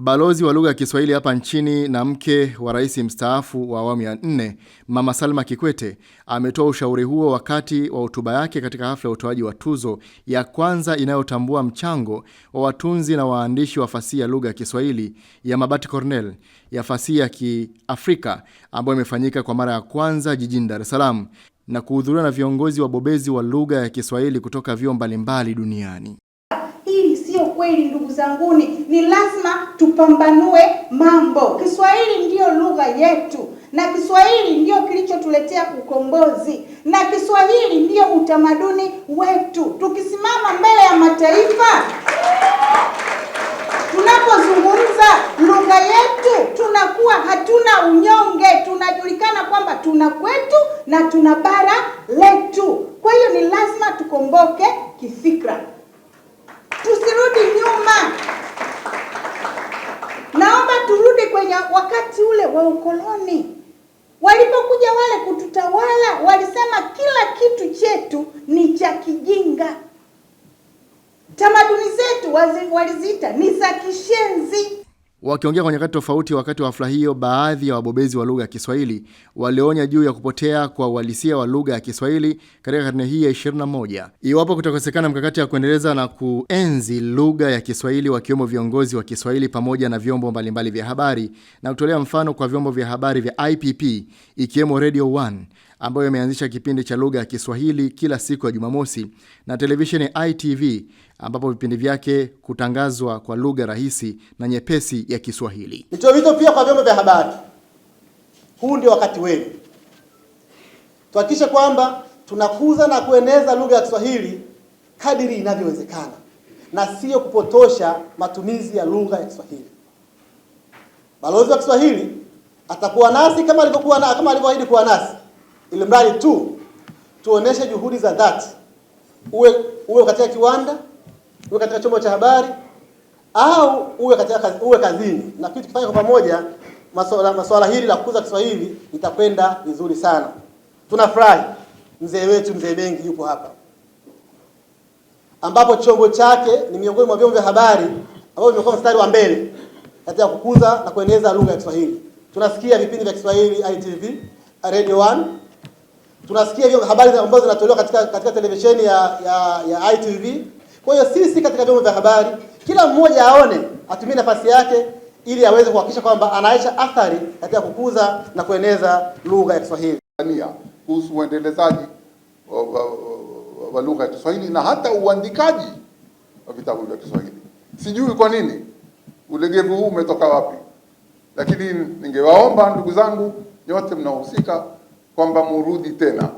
Balozi wa lugha ya Kiswahili hapa nchini na mke wa rais mstaafu wa awamu ya nne Mama Salma Kikwete ametoa ushauri huo wakati wa hotuba yake katika hafla ya utoaji wa tuzo ya kwanza inayotambua mchango wa watunzi na waandishi wa fasihi ya lugha ya Kiswahili ya Mabati Cornell ya fasihi ya Kiafrika ambayo imefanyika kwa mara ya kwanza jijini Dar es Salaam na kuhudhuriwa na viongozi wabobezi wa lugha ya Kiswahili kutoka vyuo mbalimbali duniani. Hii sio kweli ndugu zanguni, ni lazima tupambanue mambo. Kiswahili ndiyo lugha yetu, na Kiswahili ndiyo kilichotuletea ukombozi, na Kiswahili ndiyo utamaduni wetu. Tukisimama mbele ya mataifa, tunapozungumza lugha yetu, tunakuwa hatuna unyonge, tunajulikana kwamba tuna kwetu na tuna bara letu. Kwa hiyo ni lazima tukomboke kifikra mama, naomba turudi kwenye wakati ule wa ukoloni. Walipokuja wale kututawala, walisema kila kitu chetu ni cha kijinga. Tamaduni zetu waliziita ni za kishenzi. Wakiongea kwa nyakati tofauti wakati wa hafla hiyo, baadhi ya wabobezi wa lugha ya Kiswahili walionya juu ya kupotea kwa uhalisia wa lugha ya Kiswahili katika karne hii ya 21 iwapo kutakosekana mkakati ya kuendeleza na kuenzi lugha ya Kiswahili, wakiwemo viongozi wa Kiswahili pamoja na vyombo mbalimbali vya habari, na kutolea mfano kwa vyombo vya habari vya IPP ikiwemo Radio 1 ambayo imeanzisha kipindi cha lugha ya Kiswahili kila siku ya Jumamosi na televisheni ITV ambapo vipindi vyake kutangazwa kwa lugha rahisi na nyepesi ya Kiswahili. Nitoe wito pia kwa vyombo vya habari, huu ndio wakati wenu, tuhakikishe kwamba tunakuza na kueneza lugha ya Kiswahili kadiri inavyowezekana na siyo kupotosha matumizi ya lugha ya Kiswahili. Balozi wa Kiswahili atakuwa nasi kama alivyokuwa na, kama alivyoahidi kuwa nasi ili mradi tu tuoneshe juhudi za dhati, uwe uwe katika kiwanda, uwe katika chombo cha habari au uwe katika uwe kazini, na kitu kifanye kwa pamoja, masuala masuala hili la kukuza Kiswahili itakwenda vizuri sana. Tunafurahi mzee wetu mzee Bengi yupo hapa, ambapo chombo chake ni miongoni mwa vyombo vya habari ambavyo vimekuwa mstari wa mbele katika kukuza na kueneza lugha ya Kiswahili. Tunasikia vipindi vya Kiswahili ITV, Radio tunasikia hiyo habari ambazo zinatolewa katika, katika televisheni ya, ya, ya ITV. Kwa hiyo sisi katika vyombo vya habari kila mmoja aone atumie nafasi yake ili aweze kuhakikisha kwamba anaacha athari katika kukuza na kueneza lugha ya Kiswahili kuhusu uendelezaji wa, wa, wa, wa lugha ya Kiswahili na hata uandikaji wa vitabu vya Kiswahili. Sijui kwa nini ulegevu huu umetoka wapi, lakini ningewaomba ndugu zangu nyote mnaohusika kwamba murudi tena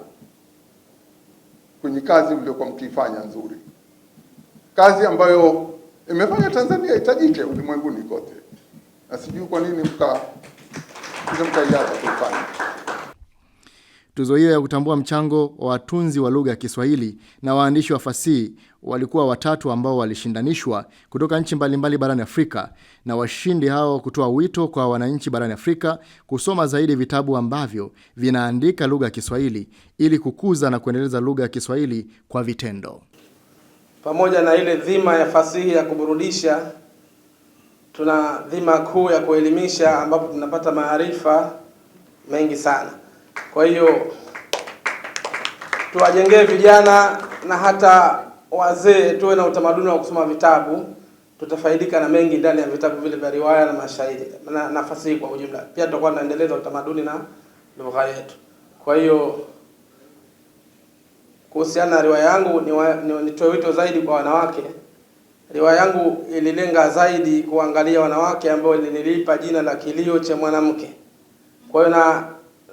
kwenye kazi mliokuwa mkiifanya nzuri, kazi ambayo imefanya Tanzania itajike ulimwenguni kote, na sijui kwa nini mka mkaiacha kuifanya. Tuzo hiyo ya kutambua mchango wa watunzi wa lugha ya Kiswahili na waandishi wa fasihi walikuwa watatu ambao walishindanishwa kutoka nchi mbalimbali barani Afrika, na washindi hao kutoa wito kwa wananchi barani Afrika kusoma zaidi vitabu ambavyo vinaandika lugha ya Kiswahili ili kukuza na kuendeleza lugha ya Kiswahili kwa vitendo. Pamoja na ile dhima ya fasihi ya kuburudisha, tuna dhima kuu ya kuelimisha, ambapo tunapata maarifa mengi sana. Kwa hiyo tuwajengee vijana na hata wazee, tuwe na utamaduni wa kusoma vitabu. Tutafaidika na mengi ndani ya vitabu vile vya riwaya na mashairi na, nafasi kwa ujumla. Pia tutakuwa tunaendeleza utamaduni na lugha yetu. Kwa hiyo kuhusiana na riwaya yangu nitoe wito zaidi kwa wanawake. Riwaya yangu ililenga zaidi kuangalia wanawake ambao nililipa jina la kilio cha mwanamke. Kwa hiyo na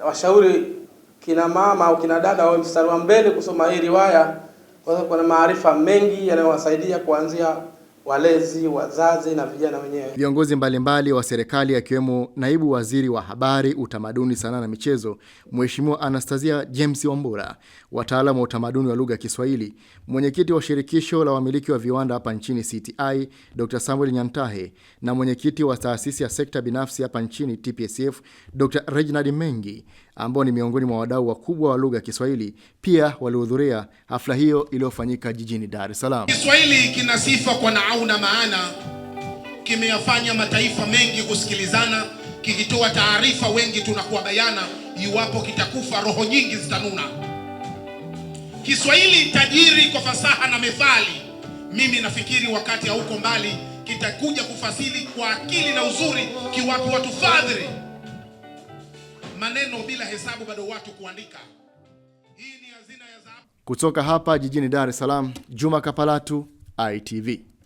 washauri kina mama au kina dada wawe mstari wa mbele kusoma hii riwaya, kwa sababu kuna maarifa mengi yanayowasaidia kuanzia walezi, wazazi na vijana wenyewe. Viongozi mbalimbali wa serikali akiwemo naibu waziri wa habari, utamaduni, sanaa na michezo, Mheshimiwa Anastasia James Wambura, wataalamu wa utamaduni wa lugha ya Kiswahili, mwenyekiti wa shirikisho la wamiliki wa viwanda hapa nchini CTI, Dr. Samuel Nyantahe na mwenyekiti wa taasisi ya sekta binafsi hapa nchini TPSF, Dr. Reginald Mengi ambao ni miongoni mwa wadau wakubwa wa lugha ya Kiswahili pia walihudhuria hafla hiyo iliyofanyika jijini Dar es Salaam. Kiswahili kina sifa kwa naau na maana, kimeyafanya mataifa mengi kusikilizana, kikitoa taarifa wengi tunakuwa bayana. Iwapo kitakufa, roho nyingi zitanuna. Kiswahili tajiri kwa fasaha na methali, mimi nafikiri wakati hauko mbali kitakuja kufasili kwa akili na uzuri, kiwapo fadhili maneno bila hesabu, bado watu kuandika. Hii ni hazina ya Kutoka hapa jijini Dar es Salaam, Juma Kapalatu, ITV.